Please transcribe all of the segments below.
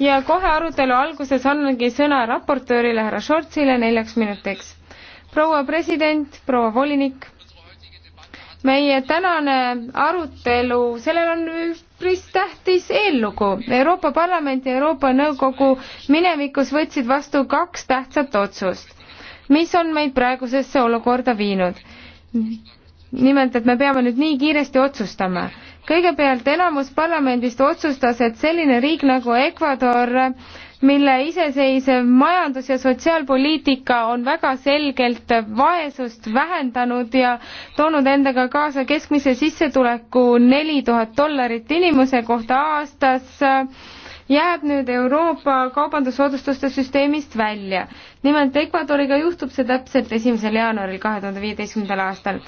ja kohe arutelu alguses annangi sõna raportöörile härra Šortsile neljaks minutiks. proua president, proua volinik, meie tänane arutelu, sellel on üpris tähtis eellugu. Euroopa Parlament ja Euroopa Nõukogu minevikus võtsid vastu kaks tähtsat otsust, mis on meid praegusesse olukorda viinud. nimelt, et me peame nüüd nii kiiresti otsustama kõigepealt enamus parlamendist otsustas, et selline riik nagu Ecuador mille iseseisev majandus ja sotsiaalpoliitika on väga selgelt vaesust vähendanud ja toonud endaga kaasa keskmise sissetuleku neli tuhat dollarit inimese kohta aastas, jääb nüüd Euroopa kaubandussoodustuste süsteemist välja. nimelt Ecuadoriga juhtub see täpselt esimesel jaanuaril kahe tuhande viieteistkümnendal aastal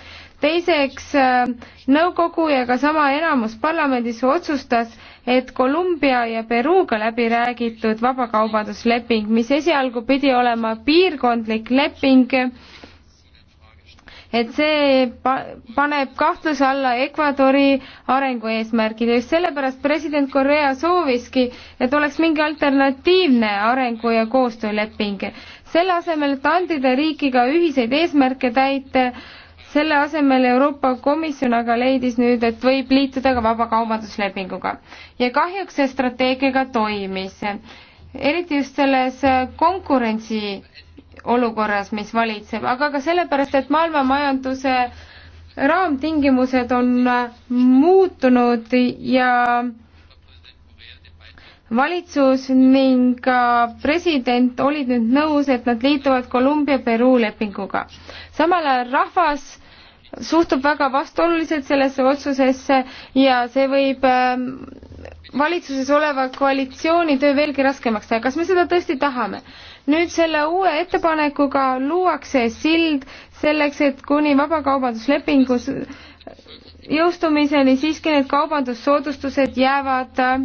teiseks, äh, nõukogu ja ka sama enamus parlamendis otsustas, et Kolumbia ja Peruga läbi räägitud vabakaubandusleping, mis esialgu pidi olema piirkondlik leping, et see pa-, paneb kahtluse alla Ecuadori arengueesmärgid ja just sellepärast president Korea sooviski, et oleks mingi alternatiivne arengu- ja koostööleping. selle asemel, et andida riikiga ühiseid eesmärke täita, selle asemel Euroopa Komisjon aga leidis nüüd, et võib liituda ka vabakaubanduslepinguga. ja kahjuks see strateegiaga toimis, eriti just selles konkurentsi olukorras, mis valitseb, aga ka sellepärast, et maailma majanduse raamtingimused on muutunud ja valitsus ning ka president olid nüüd nõus, et nad liituvad Kolumbia-Peruu lepinguga. samal ajal rahvas suhtub väga vastuoluliselt sellesse otsusesse ja see võib ähm, valitsuses oleva koalitsiooni töö veelgi raskemaks teha. kas me seda tõesti tahame? nüüd selle uue ettepanekuga luuakse sild selleks, et kuni vabakaubanduslepingus jõustumiseni siiski need kaubandussoodustused jäävad äh,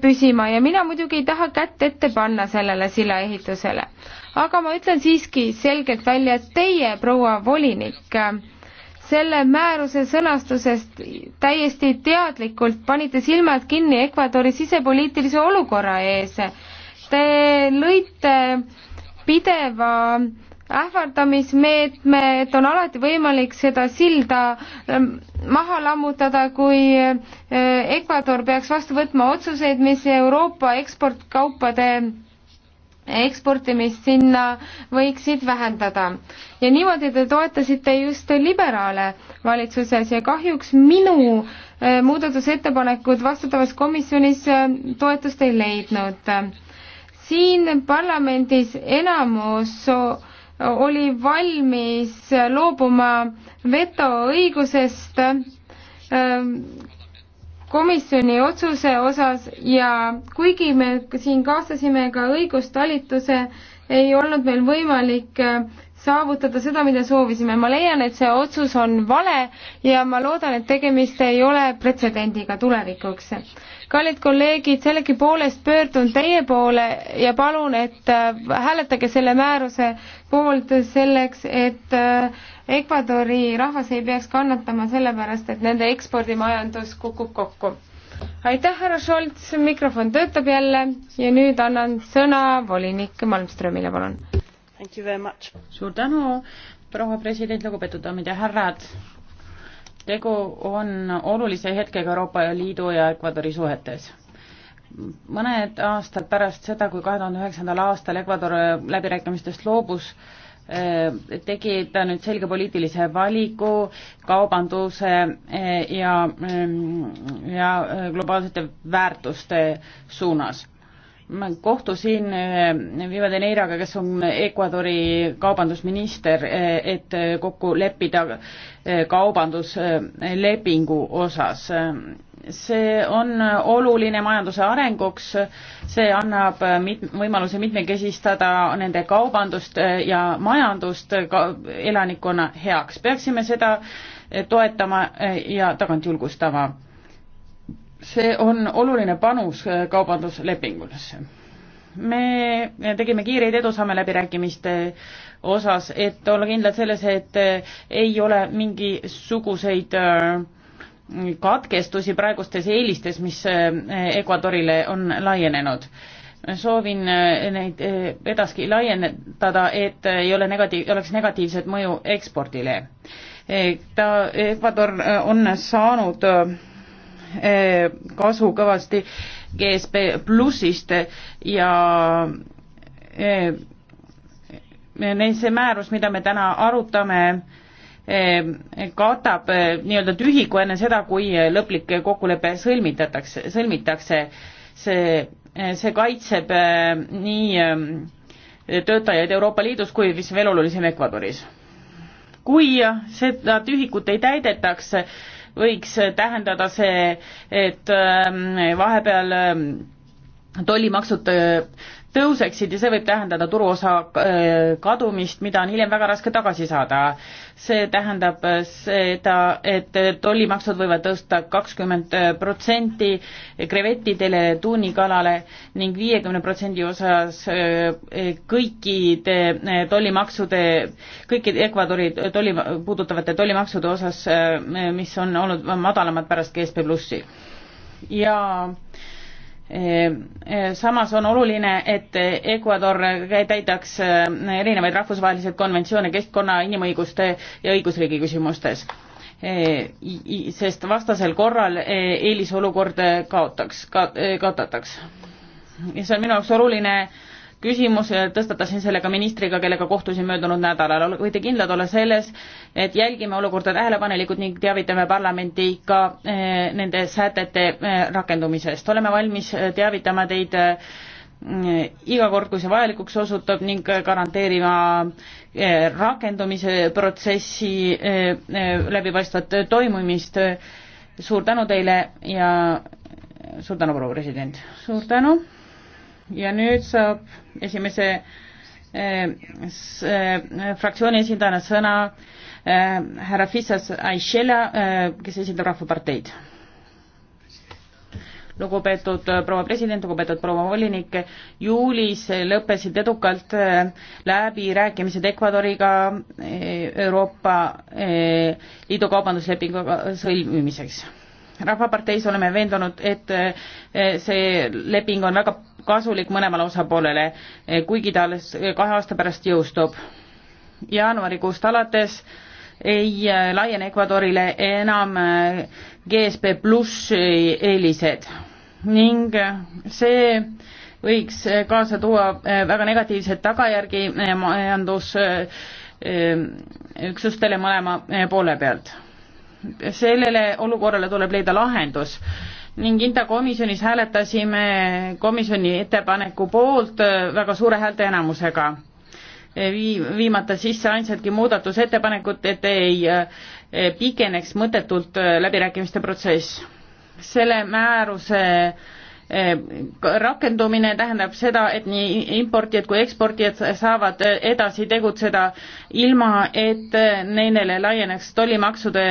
püsima ja mina muidugi ei taha kätt ette panna sellele silla ehitusele. aga ma ütlen siiski selgelt välja, et teie, proua volinik, äh, selle määruse sõnastusest täiesti teadlikult panite silmad kinni Ecuadori sisepoliitilise olukorra ees. Te lõite pideva ähvardamismeetme, et on alati võimalik seda silda ähm, maha lammutada, kui äh, Ecuador peaks vastu võtma otsuseid, mis Euroopa eksportkaupade eksportimist sinna võiksid vähendada. ja niimoodi te toetasite just liberaale valitsuses ja kahjuks minu eh, muudatusettepanekud vastutavas komisjonis eh, toetust ei leidnud. siin parlamendis enamus oli valmis loobuma vetoõigusest eh, komisjoni otsuse osas ja kuigi me siin kaasasime ka õigustalituse, ei olnud meil võimalik äh, saavutada seda, mida soovisime. ma leian, et see otsus on vale ja ma loodan, et tegemist ei ole pretsedendiga tulevikuks. kallid kolleegid, sellegipoolest pöördun teie poole ja palun, et äh, hääletage selle määruse poolt selleks, et äh, Ecuadori rahvas ei peaks kannatama sellepärast, et nende ekspordimajandus kukub kokku. aitäh, härra Scholz, mikrofon töötab jälle ja nüüd annan sõna volinik Malmströmile, palun suur tänu, proua president, lugupeetud daamid ja härrad. tegu on olulise hetkega Euroopa Liidu ja Ecuadori suhetes mõned aastad pärast seda, kui kahe tuhande üheksandal aastal Ecuador läbirääkimistest loobus, eh, tegi ta nüüd selge poliitilise valiku kaubanduse eh, ja, mm, ja eh, globaalsete väärtuste suunas kohtusin äh, Vivadeneiraga, kes on Ecuadori kaubandusminister, äh, et kokku leppida äh, kaubanduslepingu osas. see on oluline majanduse arenguks, see annab mit-, võimaluse mitmekesistada nende kaubandust ja majandust ka elanikkonna heaks. peaksime seda toetama ja tagant julgustama see on oluline panus äh, kaubanduslepingulisse. me tegime kiireid edusamme läbirääkimiste osas, et olla kindlad selles, et äh, ei ole mingisuguseid äh, katkestusi praegustes eelistes, mis Ecuadorile on laienenud. soovin neid edaski laiendada, et ei ole negatiiv, oleks negatiivset mõju ekspordile. ta, Ecuador on saanud Eh, kasu kõvasti GSP plussist ja eh, neil see määrus, mida me täna arutame, eh, katab nii-öelda tühiku enne seda, kui lõplik kokkulepe sõlmitatakse, sõlmitakse. see, see kaitseb nii töötajaid Euroopa Liidus kui, mis veel olulisem, Ecuadoris. kui seda tühikut ei täidetaks, võiks tähendada see, et ähm, vahepeal ähm, tollimaksud äh, tõuseksid ja see võib tähendada turuosa äh, kadumist, mida on hiljem väga raske tagasi saada. see tähendab seda, et tollimaksud võivad tõsta kakskümmend äh, protsenti krevettidele, tuunikalale ning viiekümne protsendi osas äh, kõikide tollimaksude, kõikide Ecuadori tolli, puudutavate tollimaksude osas, mis on olnud madalamad pärast GSP plussi. ja Ehm, eh, samas on oluline, et Ecuador täidaks eh, erinevaid rahvusvahelisi konventsioone keskkonna, inimõiguste ja õigusriigi küsimustes. Eh, sest vastasel korral eelisolukord kaotaks, kaotataks. ja see on minu jaoks oluline küsimuse tõstatasin selle ka ministriga, kellega kohtusin möödunud nädalal. võite kindlad olla selles, et jälgime olukorda tähelepanelikult ning teavitame parlamenti ka eh, nende sätete eh, rakendumisest. oleme valmis eh, teavitama teid iga kord, kui see vajalikuks osutub ning garanteerima rakendumise protsessi läbipaistvat toimumist. suur tänu teile ja suur tänu, proua president. suur tänu ja nüüd saab esimese äh, s, äh, fraktsiooni esindajana sõna äh, härra Fissas Aishela, kes esindab Rahvaparteid. lugupeetud proua president, lugupeetud proua volinik, juulis lõppesid edukalt läbirääkimised Ecuadoriga Euroopa Liidu kaubanduslepingu sõlmimiseks rahvaparteis oleme veendunud, et see leping on väga kasulik mõlemale osapoolele, kuigi ta alles kahe aasta pärast jõustub. jaanuarikuust alates ei laiene Ecuadorile enam GSP pluss eelised ning see võiks kaasa tuua eh, väga negatiivseid tagajärgi eh, majandusüksustele eh, mõlema poole pealt. sellele olukorrale tuleb leida lahendus ning Inta komisjonis hääletasime komisjoni ettepaneku poolt äh, väga suure häälteenamusega. Äh, vii-, viimata sisse ainsadki muudatusettepanekut, et ei äh, pikeneks mõttetult läbirääkimiste protsess. selle määruse rakendumine tähendab seda, et nii importijad kui eksportijad saavad edasi tegutseda ilma, et neile laieneks tollimaksude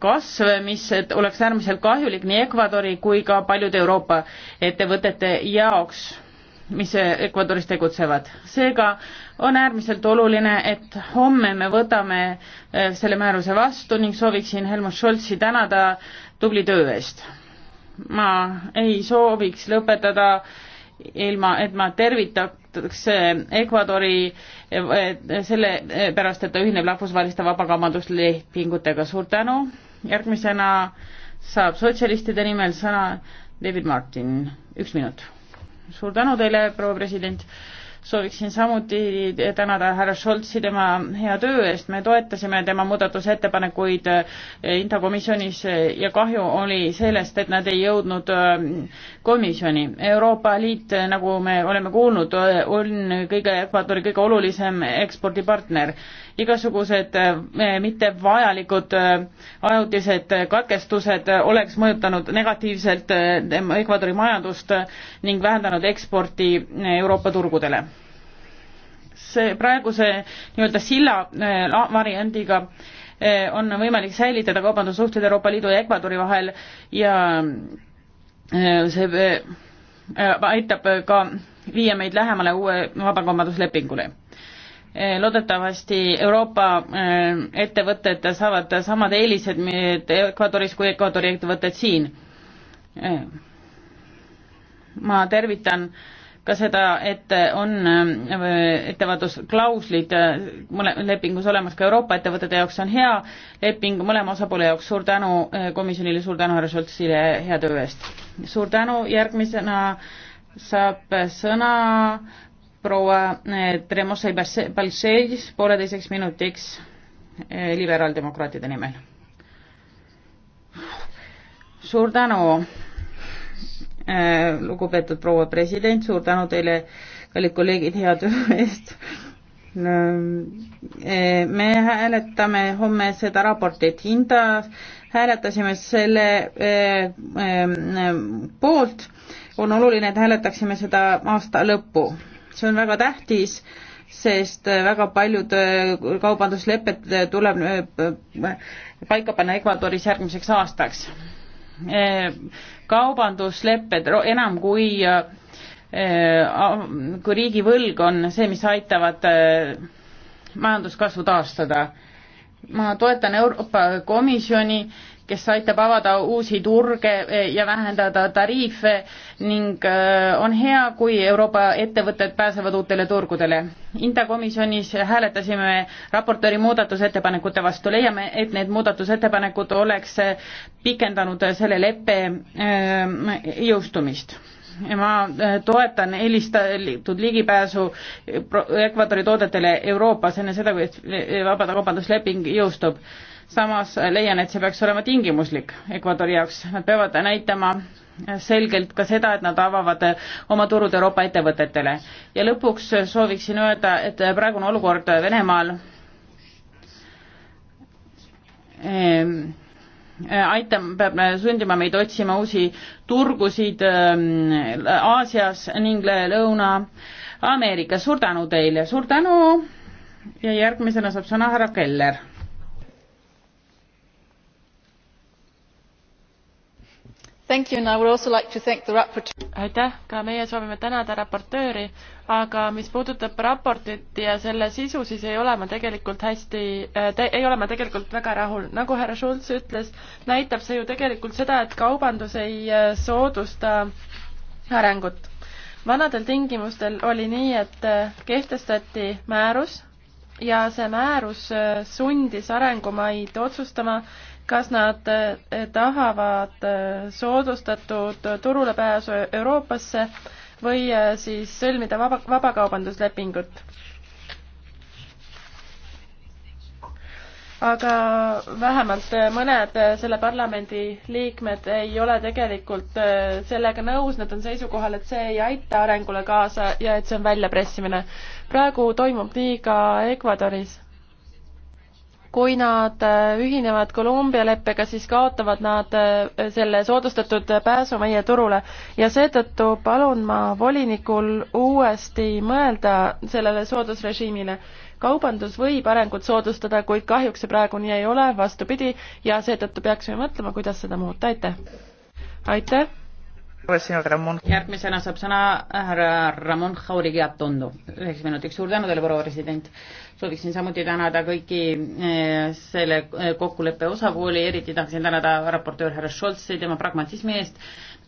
kasv, mis oleks äärmiselt kahjulik nii Ecuadori kui ka paljude Euroopa ettevõtete jaoks, mis Ecuadoris tegutsevad. seega on äärmiselt oluline, et homme me võtame selle määruse vastu ning sooviksin Helmut Scholzi tänada tubli töö eest. ma ei sooviks lõpetada ilma, et ma tervitaks tuntakse Ecuadori selle pärast, et ta ühineb rahvusvaheliste vabakaubanduslepingutega. suur tänu. järgmisena saab sotsialistide nimel sõna David Martin, üks minut. suur tänu teile, proua president sooviksin samuti tänada härra Scholzi tema hea töö eest, me toetasime tema muudatusettepanekuid eh, Inta komisjonis eh, ja kahju oli sellest, et nad ei jõudnud eh, komisjoni. Euroopa Liit, nagu me oleme kuulnud, on kõige, Ekvadori kõige olulisem ekspordipartner igasugused äh, mittevajalikud äh, ajutised katkestused oleks mõjutanud negatiivselt äh, Ecuadori majandust ning vähendanud eksporti Euroopa turgudele. see praeguse nii-öelda silla variandiga on võimalik säilitada kaubandussuhted Euroopa Liidu ja Ecuadori vahel ja see aitab ka viia meid lähemale uue vabakaubanduslepingule Eh, loodetavasti Euroopa eh, ettevõtted saavad samad eelised Ecuadoris kui Ecuadori ettevõtted siin. Eh, ma tervitan ka seda, et on ettevaatusklauslid mõle-, lepingus olemas ka Euroopa ettevõtete jaoks, see on hea leping mõlema osapoole jaoks, suur tänu komisjonile, suur tänu härra Šoltsile hea töö eest. suur tänu, järgmisena saab sõna proua eh, Tremosa Balseis pooleteiseks minutiks eh, liberaaldemokraatide nimel. suur tänu, eh, lugupeetud proua president, suur tänu teile, kallid kolleegid, hea töö eest. me hääletame homme seda raportit hinda, hääletasime selle poolt, on oluline, et hääletaksime seda aasta lõppu see on väga tähtis, sest väga paljud äh, kaubanduslepped äh, tuleb äh, paika panna Ecuadoris järgmiseks aastaks. kaubanduslepped enam kui kui riigivõlg on see, mis aitavad majanduskasvu taastada. ma toetan Euroopa Komisjoni kes aitab avada uusi turge ja vähendada tariife ning äh, on hea, kui Euroopa ettevõtted pääsevad uutele turgudele. Inta komisjonis hääletasime raportööri muudatusettepanekute vastu, leiame, et need muudatusettepanekud oleks pikendanud selle leppe äh, jõustumist ma äh, toetan eelistatud ligipääsu Ekvadori toodetele Euroopas enne seda, kui vabade kaubandusleping jõustub samas leian, et see peaks olema tingimuslik Ecuadori jaoks, nad peavad näitama selgelt ka seda, et nad avavad oma turud Euroopa ettevõtetele. ja lõpuks sooviksin öelda, et praegune olukord Venemaal ehm, aitab, peab sundima meid otsima uusi turgusid ehm, Aasias ning Lõuna-Ameerikas. suur tänu teile, suur tänu ja järgmisena saab sõna härra Keller aitäh ka meie soovime tänada raportööri aga mis puudutab raportit ja selle sisu siis ei ole ma tegelikult hästi äh, te, ei ole ma tegelikult väga rahul nagu härra Schulz ütles näitab see ju tegelikult seda et kaubandus ei äh, soodusta arengut vanadel tingimustel oli nii et äh, kehtestati määrus ja see määrus sundis arengumaid otsustama kas nad eh, tahavad eh, soodustatud turulepääsu Euroopasse või eh, siis sõlmida vaba, vabakaubanduslepingut. aga vähemalt mõned selle parlamendi liikmed ei ole tegelikult sellega nõus, nad on seisukohal, et see ei aita arengule kaasa ja et see on väljapressimine. praegu toimub nii ka Ecuadoris kui nad äh, ühinevad Columbia leppega, siis kaotavad nad äh, selle soodustatud pääsu meie turule ja seetõttu palun ma volinikul uuesti mõelda sellele soodusrežiimile. kaubandus võib arengut soodustada, kuid kahjuks see praegu nii ei ole, vastupidi, ja seetõttu peaksime mõtlema, kuidas seda muuta, aitäh! aitäh! järgmisena saab sõna härra Ramon Jaurigi Atondo, üheks minutiks, suur tänu teile, proua president. sooviksin samuti tänada kõiki eh, selle eh, kokkuleppe osapooli, eriti tahaksin tänada raportöör härra Scholzi tema pragmatismi eest,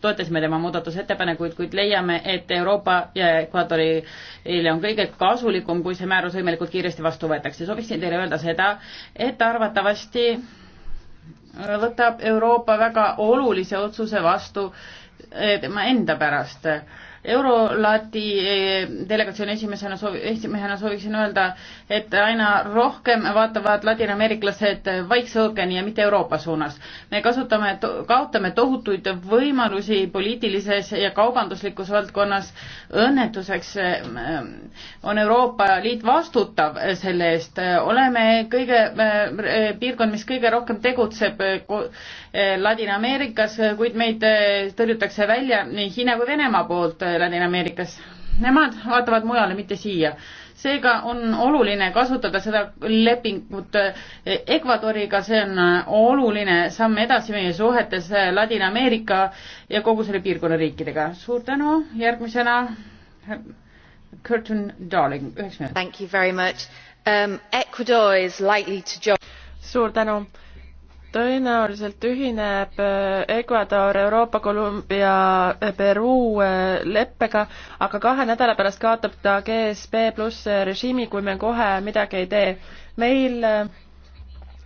toetasime tema muudatusettepanekuid, kuid leiame, et Euroopa ja Ekvadorile on kõige kasulikum, kui see määrus võimalikult kiiresti vastu võetakse. sooviksin teile öelda seda, et arvatavasti võtab Euroopa väga olulise otsuse vastu Eh, tema enda pärast. Eurolati eh, delegatsiooni esimesena soovi, esimehena sooviksin öelda, et aina rohkem vaatavad ladinaameeriklased Vaikse ookeani ja mitte Euroopa suunas. me kasutame, kaotame tohutuid võimalusi poliitilises ja kaubanduslikus valdkonnas. õnnetuseks eh, on Euroopa Liit vastutav selle eest, oleme kõige, piirkond, mis kõige rohkem tegutseb Eh, Ladina-Ameerikas, eh, kuid meid eh, tõrjutakse välja nii Hiina kui Venemaa poolt Ladina-Ameerikas. Nemad vaatavad mujale, mitte siia. seega on oluline kasutada seda lepingut Ecuadoriga, see on oluline samm edasi meie suhetes Ladina-Ameerika ja kogu selle piirkonna riikidega. suur tänu, järgmisena Curtin Darling, üheks minutiks. Thank you very much um,. Ecuador is likely to join suur tänu tõenäoliselt ühineb äh, Ecuador Euroopa Kolumbia äh, Peruu äh, leppega, aga kahe nädala pärast kaotab ta GSP pluss režiimi, kui me kohe midagi ei tee. meil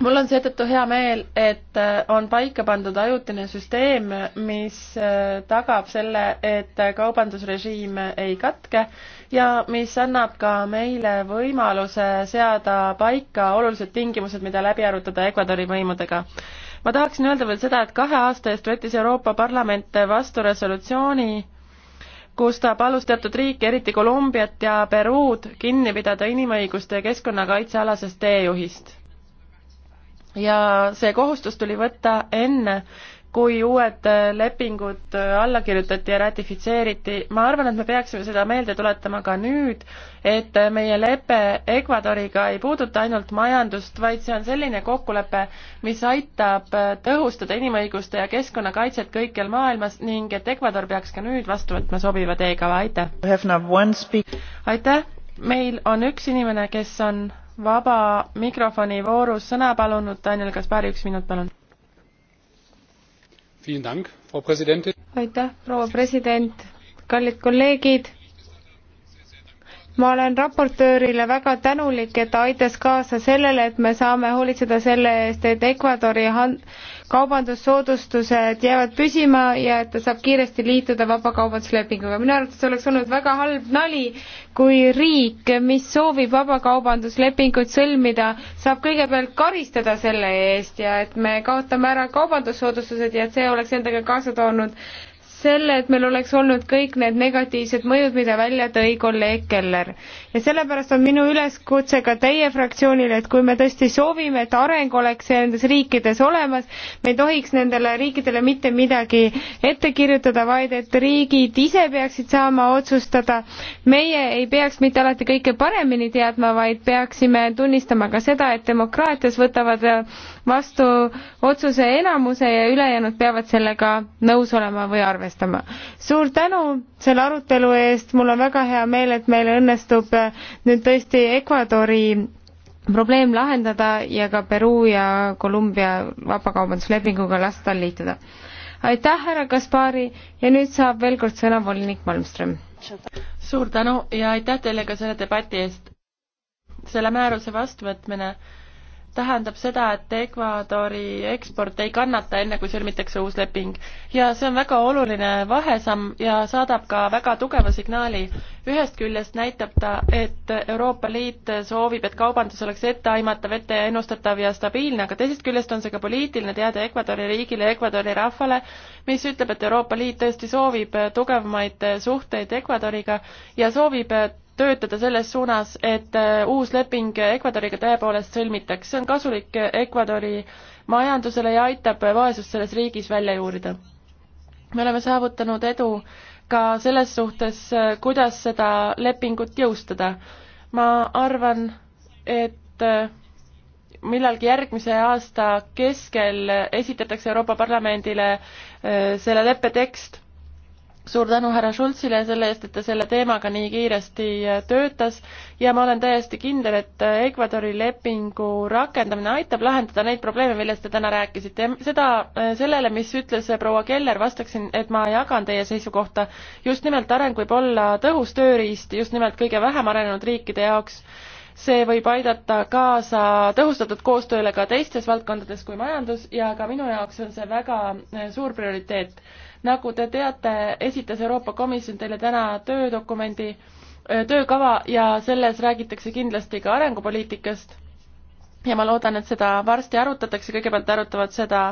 mul on seetõttu hea meel, et äh, on paika pandud ajutine süsteem, mis äh, tagab selle, et kaubandusrežiim ei katke ja mis annab ka meile võimaluse seada paika olulised tingimused, mida läbi arutada Ecuadori võimudega ma tahaksin öelda veel seda, et kahe aasta eest võttis Euroopa Parlament vastu resolutsiooni, kus ta palus teatud riike, eriti Kolumbiat ja Peruud, kinni pidada inimõiguste ja keskkonnakaitsealasest teejuhist ja see kohustus tuli võtta enne, kui uued äh, lepingud äh, alla kirjutati ja ratifitseeriti. ma arvan, et me peaksime seda meelde tuletama ka nüüd, et äh, meie lepe Ecuadoriga ei puuduta ainult majandust, vaid see on selline kokkulepe, mis aitab tõhustada inimõiguste ja keskkonnakaitset kõikjal maailmas ning et Ecuador peaks ka nüüd vastu võtma sobiva teekava, aitäh! aitäh! meil on üks inimene, kes on vaba mikrofoni voorus sõna palunud Daniel Kaspari, üks minut palun. aitäh, proua president, kallid kolleegid ma olen raportöörile väga tänulik, et ta aitas kaasa sellele, et me saame hoolitseda selle eest, et Ecuadori kaubandussoodustused jäävad püsima ja et ta saab kiiresti liituda vabakaubanduslepinguga. minu arvates oleks olnud väga halb nali, kui riik, mis soovib vabakaubanduslepingut sõlmida, saab kõigepealt karistada selle eest ja et me kaotame ära kaubandussoodustused ja et see oleks endaga kaasa toonud selle, et meil oleks olnud kõik need negatiivsed mõjud, mida välja tõi kolleeg Keller. ja sellepärast on minu üleskutse ka teie fraktsioonile, et kui me tõesti soovime, et areng oleks nendes riikides olemas, me ei tohiks nendele riikidele mitte midagi ette kirjutada, vaid et riigid ise peaksid saama otsustada. meie ei peaks mitte alati kõike paremini teadma, vaid peaksime tunnistama ka seda, et demokraatias võtavad vastu otsuse enamuse ja ülejäänud peavad sellega nõus olema või arvestama. suur tänu selle arutelu eest, mul on väga hea meel, et meil õnnestub nüüd tõesti Ecuadori probleem lahendada ja ka Peruu ja Kolumbia vabakaubanduslepinguga lasta liituda. aitäh, härra Kaspari ja nüüd saab veel kord sõna volinik Malmström. suur tänu ja aitäh teile ka selle debati eest. selle määruse vastuvõtmine tähendab seda, et Ecuadori eksport ei kannata, enne kui sõlmitakse uus leping. ja see on väga oluline vahesamm ja saadab ka väga tugeva signaali. ühest küljest näitab ta, et Euroopa Liit soovib, et kaubandus oleks etteaimatav, etteennustatav ja stabiilne, aga teisest küljest on see ka poliitiline teade Ecuadori riigile, Ecuadori rahvale, mis ütleb, et Euroopa Liit tõesti soovib tugevamaid suhteid Ecuadoriga ja soovib töötada selles suunas, et äh, uus leping Ecuadoriga tõepoolest sõlmitaks, see on kasulik Ecuadori majandusele ja aitab vaesust selles riigis välja juurida. me oleme saavutanud edu ka selles suhtes, äh, kuidas seda lepingut jõustada. ma arvan, et äh, millalgi järgmise aasta keskel esitatakse Euroopa Parlamendile selle leppe tekst suur tänu härra Schultzile selle eest, et ta selle teemaga nii kiiresti äh, töötas ja ma olen täiesti kindel, et äh, Ecuadori lepingu rakendamine aitab lahendada neid probleeme, millest te täna rääkisite ja seda, äh, sellele, mis ütles proua Keller, vastaksin, et ma jagan teie seisukohta. just nimelt areng võib olla tõhus tööriist just nimelt kõige vähem arenenud riikide jaoks see võib aidata kaasa tõhustatud koostööle ka teistes valdkondades kui majandus ja ka minu jaoks on see väga suur prioriteet nagu te teate, esitas Euroopa Komisjon teile täna töödokumendi, töökava ja selles räägitakse kindlasti ka arengupoliitikast ja ma loodan, et seda varsti arutatakse, kõigepealt arutavad seda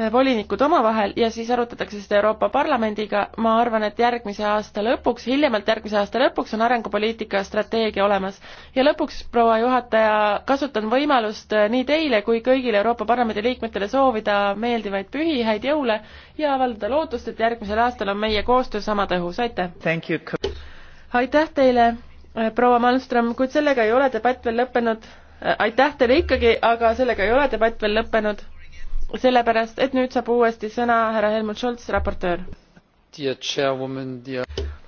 Äh, volinikud omavahel ja siis arutatakse seda Euroopa Parlamendiga, ma arvan, et järgmise aasta lõpuks, hiljemalt järgmise aasta lõpuks on arengupoliitika strateegia olemas. ja lõpuks, proua juhataja, kasutan võimalust äh, nii teile kui kõigile Euroopa Parlamendi liikmetele soovida meeldivaid pühi, häid jõule ja avaldada lootust, et järgmisel aastal on meie koostöö sama tõhus, aitäh! aitäh teile, äh, proua Malmström, kuid sellega ei ole debatt veel lõppenud. aitäh teile ikkagi, aga sellega ei ole debatt veel lõppenud sellepärast, et nüüd saab uuesti sõna härra Helmut Scholz, raportöör.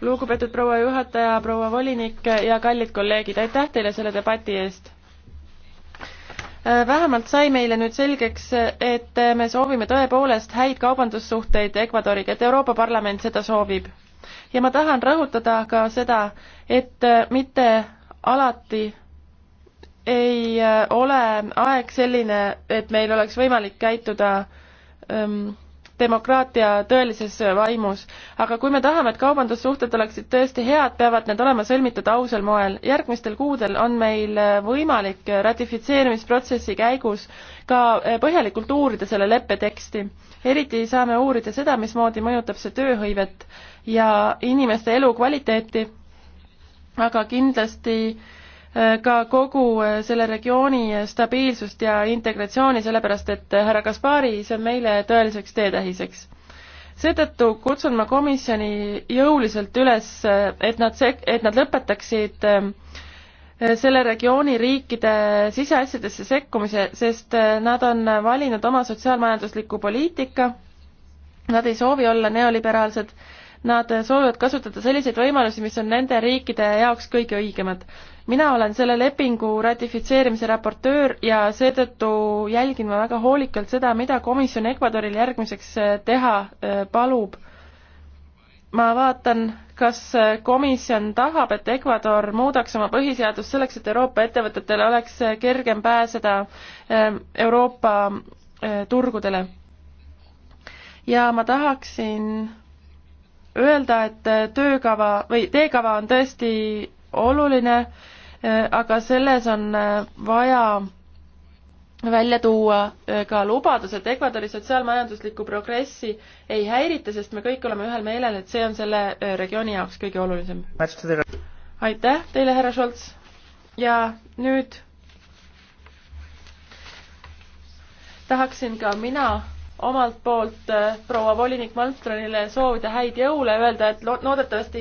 lugupeetud proua juhataja, proua volinik ja kallid kolleegid, aitäh teile selle debati eest! vähemalt sai meile nüüd selgeks, et me soovime tõepoolest häid kaubandussuhteid Ecuadoriga, et Euroopa Parlament seda soovib. ja ma tahan rõhutada ka seda, et mitte alati ei äh, ole aeg selline, et meil oleks võimalik käituda ähm, demokraatia tõelises vaimus. aga kui me tahame, et kaubandussuhted oleksid tõesti head, peavad need olema sõlmitud ausal moel. järgmistel kuudel on meil äh, võimalik ratifitseerimisprotsessi käigus ka äh, põhjalikult uurida selle leppe teksti. eriti saame uurida seda, mismoodi mõjutab see tööhõivet ja inimeste elukvaliteeti, aga kindlasti äh, ka kogu äh, selle regiooni stabiilsust ja integratsiooni, sellepärast et äh, härra Kaspari, see on meile tõeliseks teetähiseks seetõttu kutsun ma komisjoni jõuliselt üles, äh, et nad sek-, et nad lõpetaksid ähm, selle regiooni riikide siseasjadesse sekkumise, sest nad on valinud oma sotsiaalmajandusliku poliitika, nad ei soovi olla neoliberaalsed, nad soovivad kasutada selliseid võimalusi, mis on nende riikide jaoks kõige õigemad mina olen selle lepingu ratifitseerimise raportöör ja seetõttu jälgin ma väga hoolikalt seda, mida komisjon Ecuadoril järgmiseks äh, teha äh, palub. ma vaatan, kas äh, komisjon tahab, et Ecuador muudaks oma põhiseadust selleks, et Euroopa ettevõtetel oleks kergem pääseda ähm, Euroopa turgudele. ja ma tahaksin öelda, et töökava või teekava on tõesti oluline Äh, aga selles on äh, vaja välja tuua äh, ka lubadus, et Ecuadori sotsiaalmajanduslikku progressi ei häirita, sest me kõik oleme ühel meelel, et see on selle regiooni jaoks kõige olulisem. aitäh teile, härra Šolts ja nüüd tahaksin ka mina omalt poolt proua volinik Malmstronile soovida häid jõule, öelda, et loodetavasti